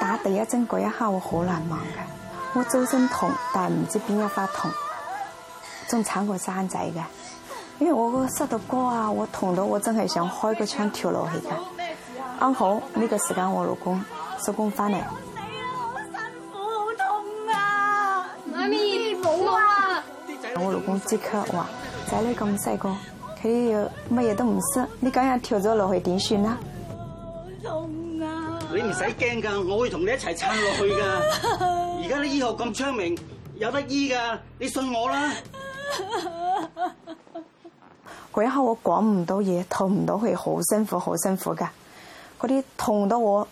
打第一針嗰一刻我好難忘嘅，我周身痛，但係唔知邊一塊痛，仲慘過生仔嘅。因為我個膝頭哥啊，我痛到我真係想開個窗跳落去嘅。啱好呢個時間我老公收工翻嚟，好好辛苦，好痛啊，媽咪，冇啊，我老公即刻話：仔女咁細個，佢乜嘢都唔識，你今日跳咗落去點算啊？你唔使驚噶，我會同你一齊撐落去噶。而家啲醫學咁昌明，有得醫噶，你信我啦。嗰 一刻我講唔到嘢，吐唔到氣，好辛苦，好辛苦噶。嗰啲痛到我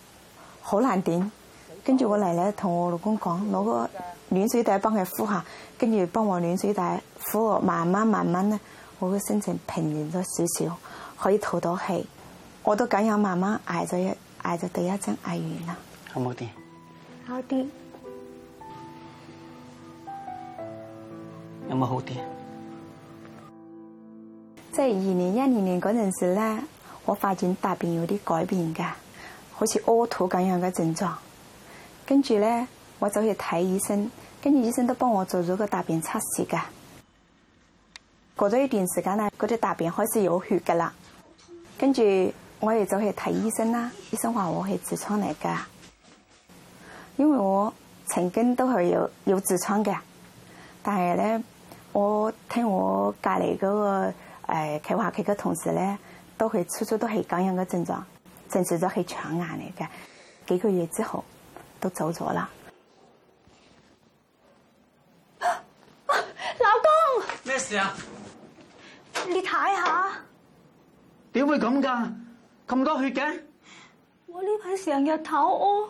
好難頂。 跟住我奶奶同我老公講，攞個暖水袋幫佢敷下，跟住幫我暖水袋敷，慢慢慢慢咧，我嘅心情平靜咗少少，可以吐到氣，我都敢有慢慢挨咗一。挨咗第一針，挨完啦。好冇的啲？有有好啲。有冇好啲？即係二零一二年嗰陣時咧，我發現大便有啲改變噶，好似屙肚咁樣嘅症狀。跟住咧，我走去睇醫生，跟住醫生都幫我做咗個大便測試噶。過咗一段時間咧，嗰啲大便開始有血噶啦。跟住。我亦就去睇醫生啦，醫生話我係痔瘡嚟噶，因為我曾經都係有有痔瘡嘅，但係咧我聽我隔籬嗰個誒，佢話佢嘅同事咧都係初初都係咁樣嘅症狀，診治咗係腸癌嚟嘅，幾個月之後都走咗啦。老公，咩事啊？你睇下，點會咁噶？咁多血嘅，我呢排成日肚屙，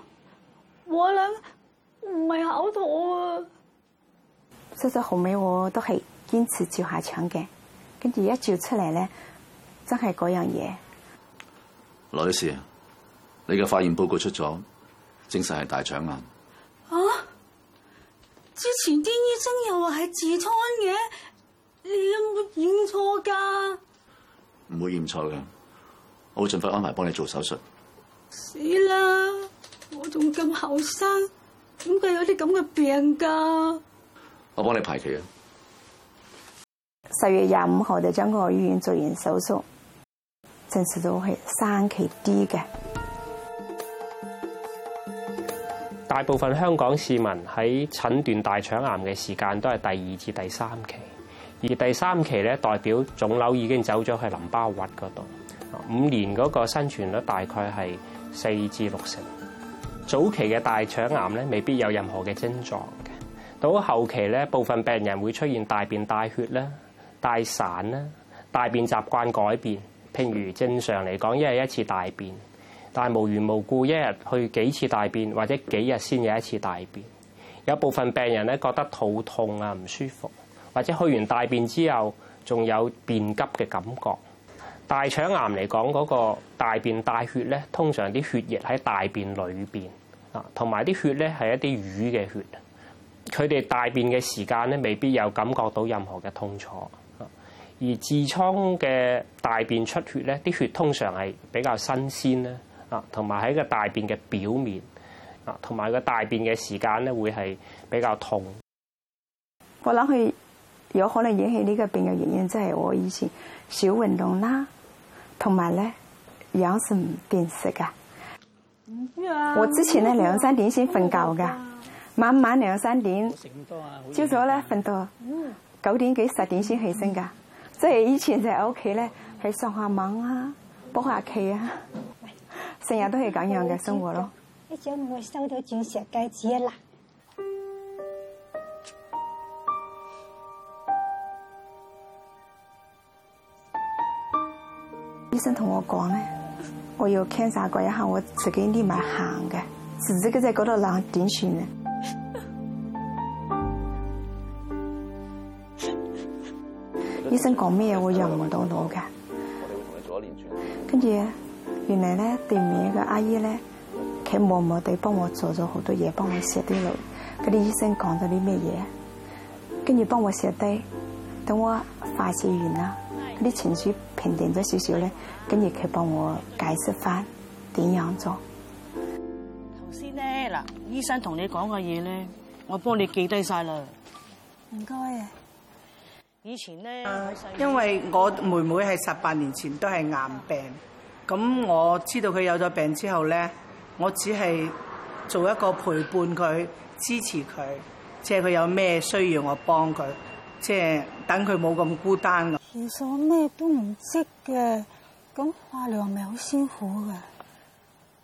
我兩唔係口吐啊！即係毫尾我都係堅持照下腸鏡，跟住一照出嚟咧，真係嗰樣嘢。女士，你嘅化驗報告出咗，證實係大腸癌。啊！之前丁醫生又話係痔瘡嘅，你有冇驗錯噶？唔會驗錯嘅。我會盡快安排幫你做手術。死啦！我仲咁後生，點解有啲咁嘅病噶？我幫你排期啊！十月廿五號就將個醫院做完手術，暫時都係三期 D 嘅。大部分香港市民喺診斷大腸癌嘅時間都係第二至第三期，而第三期咧代表腫瘤已經走咗去淋巴核嗰度。五年嗰個生存率大概係四至六成。早期嘅大腸癌咧，未必有任何嘅症狀。到後期咧，部分病人會出現大便帶血咧、帶散咧、大便習慣改變，譬如正常嚟講一日一次大便，但係無緣無故一日去幾次大便，或者幾日先有一次大便。有部分病人咧覺得肚痛啊、唔舒服，或者去完大便之後仲有便急嘅感覺。大腸癌嚟講，嗰、那個大便帶血咧，通常啲血液喺大便裏邊啊，同埋啲血咧係一啲魚嘅血。佢哋大便嘅時間咧，未必有感覺到任何嘅痛楚。而痔瘡嘅大便出血咧，啲血通常係比較新鮮咧啊，同埋喺個大便嘅表面啊，同埋個大便嘅時間咧會係比較痛。我諗佢有可能引起呢個病嘅原因，即係我以前少運動啦。同埋咧，養成電視噶。我之前咧 兩三點先瞓覺噶，晚晚、 嗯、兩三點，朝早咧瞓到九點幾十點先起身噶。即係、嗯、以，以前就喺屋企咧，去上下網啊，煲下劇啊，成日都係咁樣嘅生活咯。一獎我收到鑽石戒指啦！ 醫生同我講呢，我有傾晒鬼一下，我自己你埋行嘅，自己個在嗰度諗點算咧。 醫生講咩我又唔到到嘅，跟住原來呢，對面一個阿姨咧，佢默默的幫我做咗好多嘢，幫我寫低咗，嗰啲醫生講咗啲咩嘢，跟住幫我寫低，等我發洩完啦。啲情緒平定咗少少咧，跟住佢幫我解釋翻點樣做。頭先咧嗱，醫生同你講嘅嘢咧，我幫你記低晒啦。唔該啊。以前咧，因為我妹妹係十八年前都係癌病，咁我知道佢有咗病之後咧，我只係做一個陪伴佢，支持佢，即係佢有咩需要我幫佢，即係等佢冇咁孤單。其實我咩都唔識嘅，咁化療咪好辛苦嘅，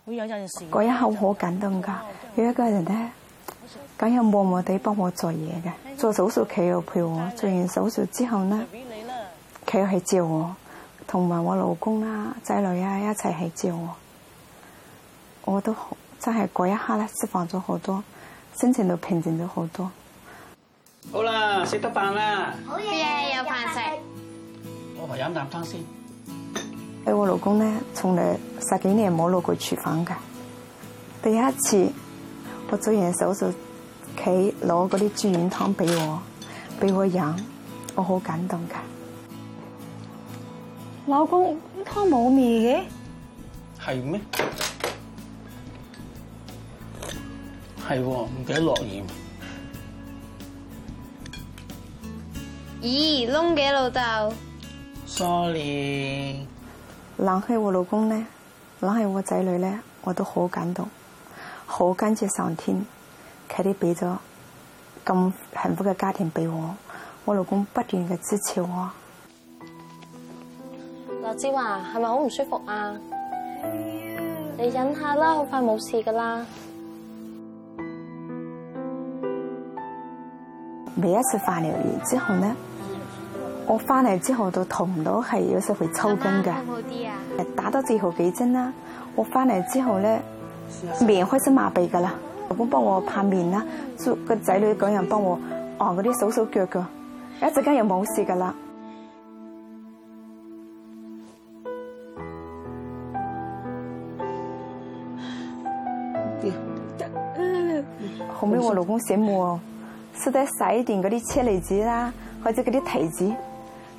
會有陣時。嗰一刻好感動噶，有一個人咧，咁又默默地幫我做嘢嘅，的做手術佢又陪我，的做完手術之後呢，佢又係照我，同埋我老公啦、仔女啊一齊係照我，我都真係嗰一刻咧釋放咗好多，心情都平靜咗好多。好啦，食得飯啦，好嘢，有飯食。我嚟飲啖湯先湯。誒，我老公呢，從來十幾年冇落過廚房嘅。第一次，我做完手術，佢攞嗰啲豬軟湯俾我，俾我飲，我好感動噶。老公，湯冇味嘅？係咩？係，唔記得落鹽。咦，燶嘅老豆。爸爸 sorry，嗱，係我老公呢？嗱，係我仔女呢？我都好感動，好感謝上天，佢哋俾咗咁幸福嘅家庭俾我，我老公不斷嘅支持我。劉志華，係咪好唔舒服啊？的你忍下啦，好快冇事噶啦。每一次化療完之後呢？我翻嚟之後都痛到係有少少抽筋噶，媽媽好好啊、打到最後幾針啦，我翻嚟之後咧面開始麻痹噶啦，老公幫我拍面啦，做個仔女嗰人幫我哦嗰啲手手腳腳噶，一陣間又冇事噶啦。嗯嗯、後尾我老公醒目，識、嗯嗯、得洗掂嗰啲車厘子啦，或者嗰啲提子。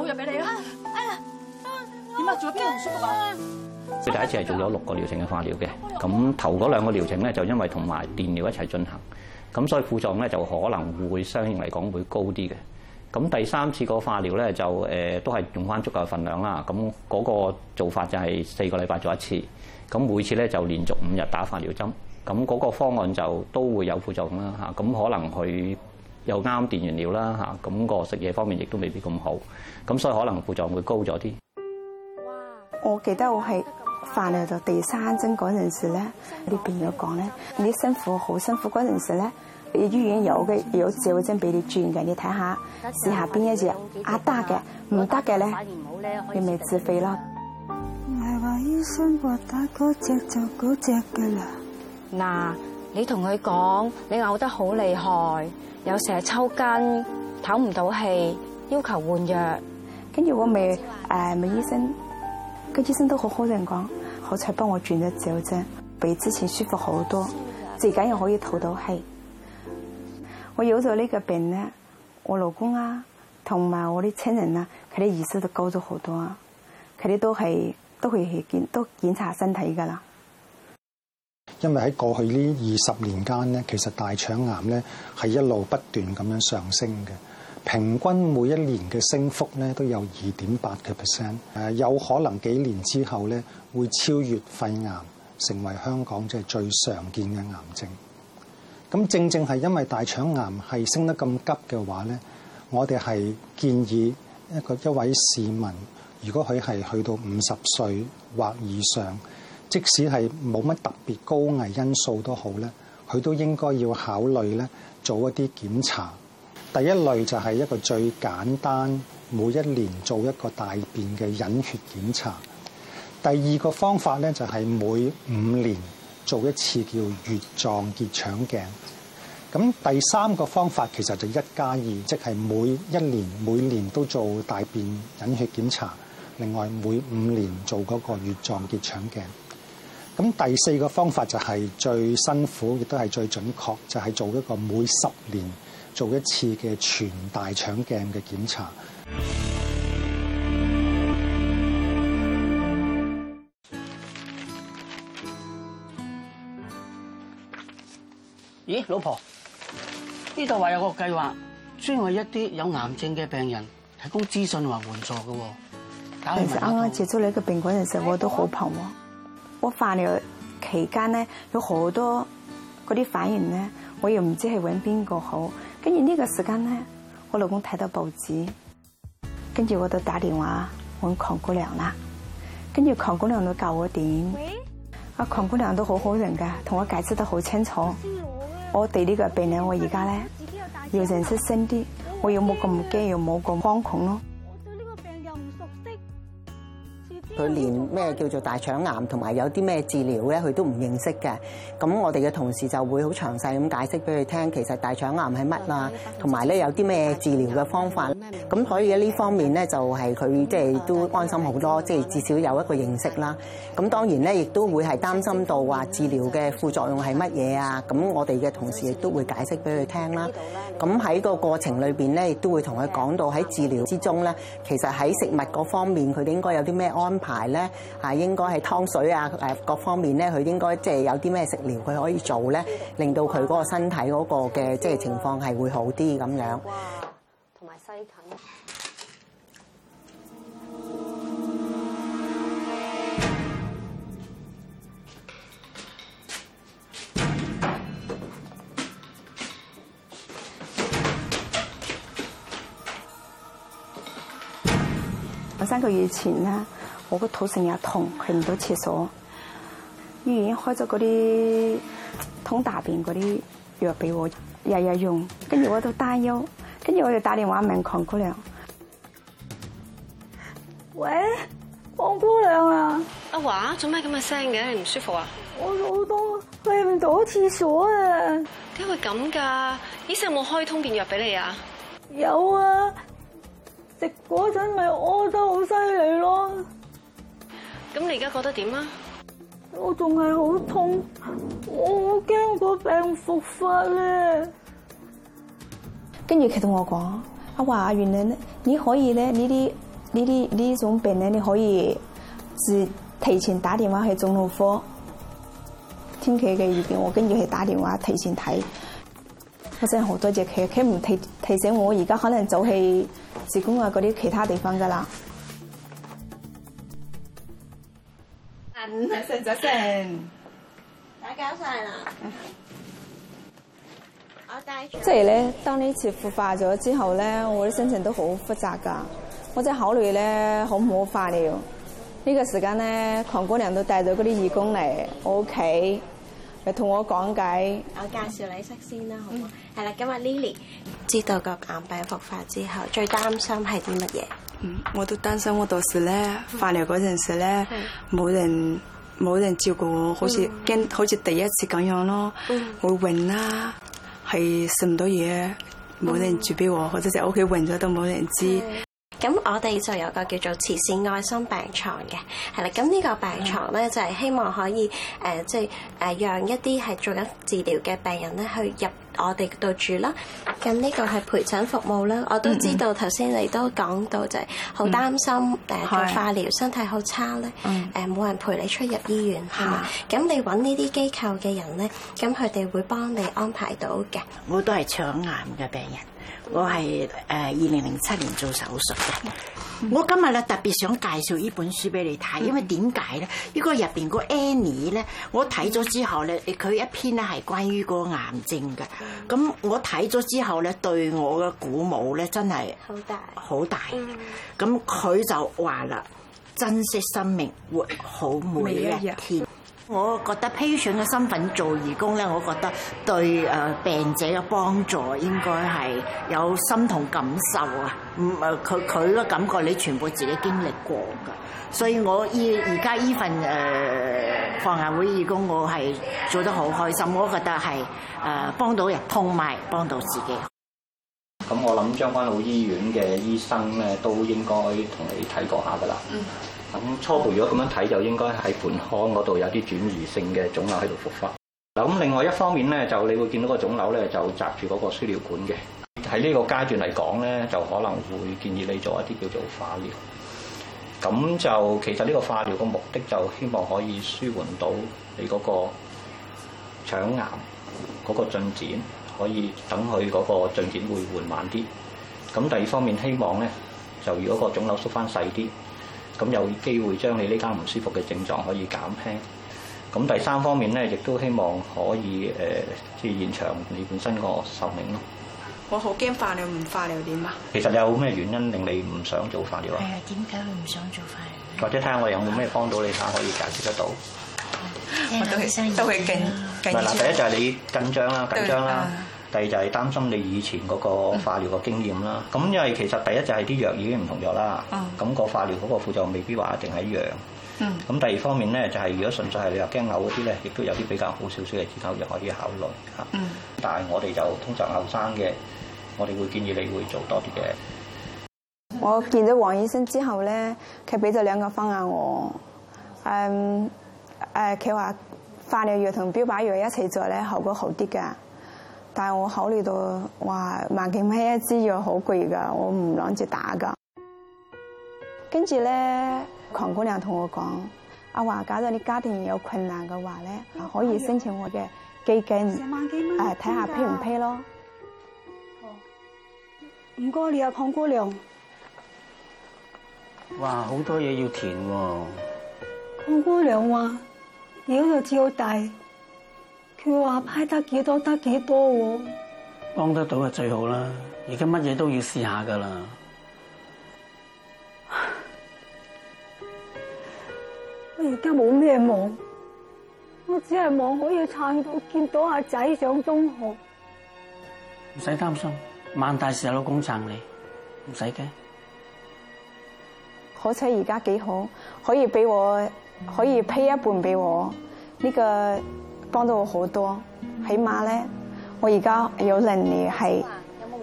我入俾你啊！哎呀，點啊？仲有邊度唔舒服啊？佢第一次係做咗六個療程嘅化療嘅，咁頭嗰兩個療程咧就因為同埋電療一齊進行，咁所以副作用咧就可能會相應嚟講會高啲嘅。咁第三次個化療咧就誒、呃、都係用翻足夠份量啦。咁嗰個做法就係四個禮拜做一次，咁每次咧就連續五日打化療針。咁嗰個方案就都會有副作用啦。吓，咁可能佢。又啱電原料啦嚇，咁個食嘢方面亦都未必咁好，咁所以可能負重會高咗啲。哇！我記得我係犯量咗第三針嗰陣時咧，啲朋有講咧，你辛苦好辛苦嗰陣時咧，醫院有嘅有照針俾你轉，你睇下試下邊一隻，得嘅唔得嘅咧，你咪自費咯。唔係話醫生覺得嗰隻就嗰隻㗎啦。嗱，你同佢講，你嘔得好厲害，有成日抽筋，唞唔到氣，要求換藥。跟住我咪誒咪醫生，跟醫生都好好人講，好彩幫我轉咗隻藥劑，比之前舒服好多，自己又可以唞到氣。我有咗呢個病咧，我老公啊同埋我啲親人啊，佢啲意識都高咗好多，啊，佢哋都係都可以去檢都檢查身體噶啦。因為喺過去呢二十年間呢，其實大腸癌呢係一路不斷咁樣上升嘅，平均每一年嘅升幅呢都有二點八嘅 percent，誒有可能幾年之後呢會超越肺癌成為香港即係最常見嘅癌症。咁正正係因為大腸癌係升得咁急嘅話呢，我哋係建議一個一位市民，如果佢係去到五十歲或以上。即使係冇乜特別高危因素都好咧，佢都應該要考慮咧做一啲檢查。第一類就係一個最簡單，每一年做一個大便嘅隱血檢查。第二個方法咧就係每五年做一次叫乙狀結腸鏡。咁第三個方法其實就一加二，即係每一年每年都做大便隱血檢查，另外每五年做嗰個乙狀結腸鏡。咁第四個方法就係最辛苦，亦都係最準確，就係做一個每十年做一次嘅全大腸鏡嘅檢查。咦，老婆，呢度話有個計劃，專為一啲有癌症嘅病人提供資訊或援助嘅喎。但其實啱啱接觸你個病菌嘅時候，老婆，我都好怕喎。我化療期間咧，有好多嗰啲反應咧，我又唔知係搵邊個好。跟住呢個時間咧，我老公睇到報紙，跟住我就打電話搵鄺姑娘啦。跟住鄺姑娘就教我點，阿鄺姑娘都好喂好人噶，同我解釋得好清楚。我對呢個病咧，我而家咧要認識深啲，我又冇咁驚，又冇咁惶恐咯。佢連咩叫做大腸癌，同埋有啲咩治療咧，佢都唔認識嘅。咁我哋嘅同事就會好詳細咁解釋俾佢聽，其實大腸癌係乜啦，同埋咧有啲咩治療嘅方法。咁所以喺呢方面咧，就係佢即係都安心好多，即係至少有一個認識啦。咁當然咧，亦都會係擔心到話治療嘅副作用係乜嘢啊？咁我哋嘅同事亦都會解釋俾佢聽啦。咁喺個過程裏邊咧，亦都會同佢講到喺治療之中咧，其實喺食物嗰方面，佢哋應該有啲咩安排。鞋咧，係應該係湯水啊，誒，各方面咧，佢應該即係有啲咩食療佢可以做咧，令到佢嗰個身體嗰個嘅即係情況係會好啲咁樣。哇！同埋西芹。我三個月前啦。我個肚成日痛，去唔到廁所已經，醫院開咗嗰啲通大便嗰啲藥俾我日日用，跟住我都擔憂，跟住我就打電話問鄺姑娘：，喂，鄺姑娘啊，阿華做咩咁嘅聲嘅？你唔舒服啊？我我都去唔到廁所啊！點解會咁噶？醫生有冇開通便藥俾你啊？有啊，食嗰陣咪屙得好犀利咯。咁你而家覺得點啊？我仲係好痛，我驚個病復發咧。跟住佢同我講，佢話阿華啊，原來你可以咧呢啲呢啲呢種病咧，你可以自提前打電話去腫瘤科聽佢嘅意見。我跟住去打電話提前睇，我真係好多謝佢，佢唔提提醒我而家可能走去子宮啊嗰啲其他地方噶啦。嗯 了，成咗成，打攪晒啦！我帶即係咧，當呢次復發咗之後咧，我啲心情都好複雜噶。我真係考慮咧，好唔好化療？呢、呢個時間咧，鄺姑娘都帶咗嗰啲義工嚟我屋企，又同我講解。我介紹你識先啦，好唔好？係啦、嗯，今日 Lily 知道個癌病復發之後，最擔心係啲乜嘢？我都擔心我到時咧化療嗰陣時咧冇的人冇人照顧，我，好似驚、嗯、好似第一次咁樣咯。嗯、我暈啦，係食唔到嘢，冇人煮俾我，嗯、或者喺屋企暈咗都冇人知。咁我哋就有個叫做慈善愛心病床嘅，係啦。咁呢個病床咧就係、是、希望可以誒，即係誒，讓一啲係做緊治療嘅病人咧，去入我哋度住啦。咁呢個係陪診服務啦。我都知道頭先、嗯嗯、你都講到就係好擔心誒，佢、嗯啊、化療身體好差咧，誒冇、嗯呃、人陪你出入醫院嚇。咁的你揾呢啲機構嘅人咧，咁佢哋會幫你安排到嘅。我都係腸癌嘅病人。我係誒二零零七年做手術嘅，嗯、我今日咧特別想介紹呢本書俾你睇，因為點解咧？呢個入邊個 Annie 咧，我睇咗之後咧，佢一篇咧係關於個癌症嘅，咁、嗯、我睇咗之後咧，對我嘅鼓舞咧真係好大，好大。咁、嗯、佢就話啦：珍惜生命，活好每一天。我覺得 patient 嘅身份做義工咧，我覺得對誒病者嘅幫助應該係有心同感受啊。咁誒，佢佢嘅感覺你全部自己經歷過噶，所以我依而家依份誒康仁會義工，我係做得好開心。我覺得係誒、呃、幫到人，同埋幫到自己。咁我諗將軍澳醫院嘅醫生咧，都應該同你睇過下噶啦。嗯。嗯。咁初步如果咁樣睇，就應該喺盆腔嗰度有啲轉移性嘅腫瘤喺度復發。嗱，咁另外一方面咧，就你會見到個腫瘤咧就紮住嗰個輸尿管嘅。喺呢個階段嚟講咧，就可能會建議你做一啲叫做化療。咁就其實呢個化療嘅目的就希望可以舒緩到你嗰個腸癌嗰個進展，可以等佢嗰個進展會緩慢啲。咁第二方面希望咧，就如果個腫瘤縮翻細啲。咁有機會將你呢啲唔舒服嘅症狀可以減輕。咁第三方面咧，亦都希望可以誒，即係延長你本身個壽命咯。我好驚化療唔化療又點啊？其實你有咩原因令你唔想做化療啊？係啊，點解會唔想做化療？或者睇下我有冇咩幫到你啊？可以解釋得到。都幾都幾勁。嗱嗱，第一就係你緊張啦，緊張啦。第二就係擔心你以前嗰個化療嘅經驗啦，咁、嗯、因為其實第一就係啲藥已經唔同咗啦，咁、嗯、個化療嗰個副作用未必話一定係一樣。咁、嗯、第二方面咧，就係如果純粹係你又驚嘔嗰啲咧，亦都有啲比較好少少嘅止嘔藥可以考慮嚇。嗯、但係我哋就通常後生嘅，我哋會建議你會做多啲嘅。我見咗黃醫生之後咧，佢俾咗兩個方案我，嗯誒佢話化療藥同標靶藥一齊做咧，效果好啲噶。但係我考慮到，哇萬幾蚊一支藥好貴噶，我唔諗住打噶。跟住咧，龐姑娘同我講，阿、啊、華，假如你家庭有困難嘅話咧，可以申請我嘅基金，誒睇下批唔批咯。哦，唔該你啊，龐姑娘。哇，好多嘢要填喎、啊。龐姑娘話、啊，你度超大。佢話派得幾多得幾多喎、啊，幫得到就最好啦。而家乜嘢都要試下噶啦。 我而家冇咩望，我只係望可以撐到見到阿仔上中學。唔使擔心，萬大事有老公撐你，唔使驚。好彩而家幾好，可以俾我，可以批一半俾我呢個。這個幫到我好多，起碼咧，我而家有能力係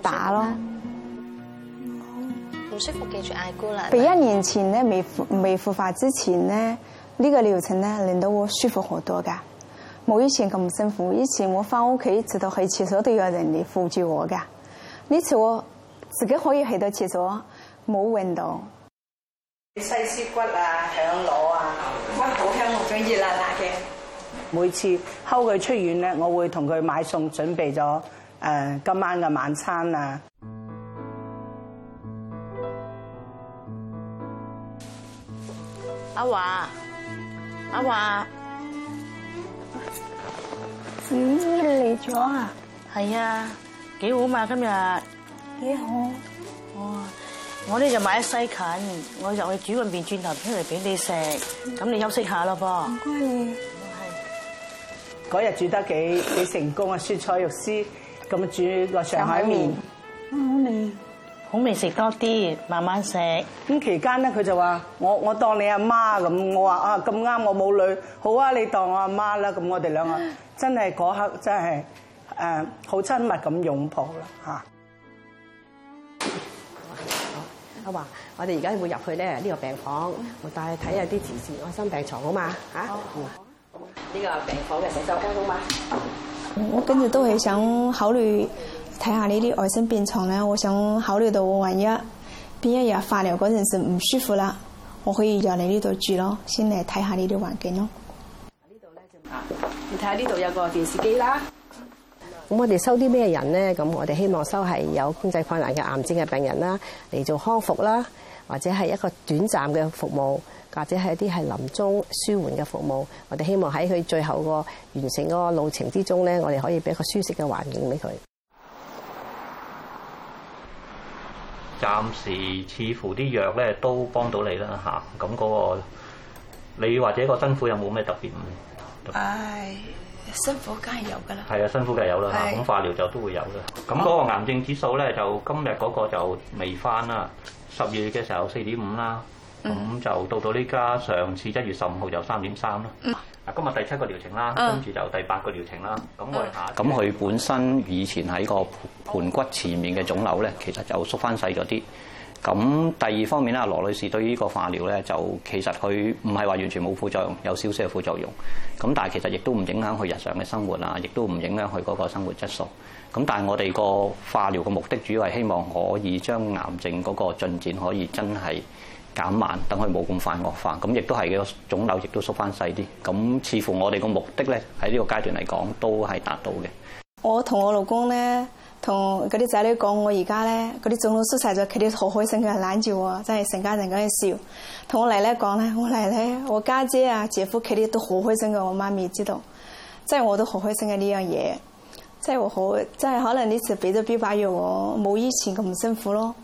打咯，唔、啊、舒服，嗯、舒服記住嗌姑娘。比一年前咧未復未復發之前咧，這個、流呢個療程咧令到我舒服好多噶，冇以前咁辛苦。以前我翻屋企直到去廁所都要人嚟扶住我噶，呢次我自己可以去到廁所冇溫度。西施骨啊，響螺啊，骨好香，好鍾意啦。每次睺佢出院咧，我會同佢買餸，準備咗誒今晚嘅晚餐啊！阿華，阿華，子怡嚟咗啊！係啊，幾好嘛今日。幾好？哇！我咧就買啲西芹，我就去煮個麵，轉頭出嚟俾你食。咁你休息下啦噃。唔該你。嗰日煮得幾幾成功啊！雪菜肉絲咁煮個上海麵，好味，好味！食多啲，慢慢食。咁期間咧，佢就話：我我當你阿媽咁。我話啊，咁啱我冇女，好啊！你當我阿媽啦。咁我哋兩個真係嗰刻真係誒好親密咁擁抱啦嚇、啊啊。我話我哋而家會入去咧呢個病房，我帶你睇下啲慈善愛心病床。好嘛嚇。好 嗯呢個病房嘅洗手間好嗎？嗯、我今日都係想考慮睇下呢啲外伸病床咧，我想考慮到我萬一，邊一日化療嗰陣時唔舒服啦，我可以入嚟呢度住咯，先嚟睇下呢啲環境咯。呢度咧就啊，你睇下呢度有個電視機啦。咁我哋收啲咩人咧？咁我哋希望收係有經濟困難嘅癌症嘅病人啦，嚟做康復啦，或者係一個短暫嘅服務，或者係一啲係臨終舒緩嘅服務。我哋希望喺佢最後個完成嗰個路程之中咧，我哋可以俾個舒適嘅環境俾佢。暫時似乎啲藥咧都幫到你啦嚇，咁嗰、嗰個你或者個辛苦有冇咩特別？唉。辛苦梗係有噶啦，係啊，辛苦梗係有啦咁，化療就都會有啦。咁嗰、哦、個癌症指數咧，就今日嗰個就未翻啦。十二月嘅時候四點五啦，咁、嗯、就到到呢家上次一月十五號就三點三啦。嗱、嗯，今日第七個療程啦，跟住就第八個療程啦。咁佢咁佢本身以前喺個盤骨前面嘅腫瘤咧，其實就縮翻細咗啲。咁第二方面咧，羅女士對於呢個化療咧，就其實，佢唔係話完全冇副作用，有少少嘅副作用。咁但係其實亦都唔影響佢日常嘅生活啊，亦都唔影響佢嗰個生活質素。咁但係，我哋個化療嘅目的主要係希望可以將癌症嗰個進展可以真係減慢，等佢冇咁快惡化。咁亦都係個腫瘤亦都縮翻細啲。咁似乎我哋個目的咧，喺呢個階段嚟講都係達到嘅。我同我老公咧。同嗰啲仔女講，我而家咧嗰啲種落蔬菜咗，佢哋好開心嘅，攬住我，真係成家人咁樣笑。同我奶奶講咧，我奶奶、我家姐、姐啊、姐夫佢哋都好開心嘅，我媽咪知道，即係我都好開心嘅呢樣嘢，即係我好即係可能你食肥咗啲把藥哦，冇以前咁辛苦咯。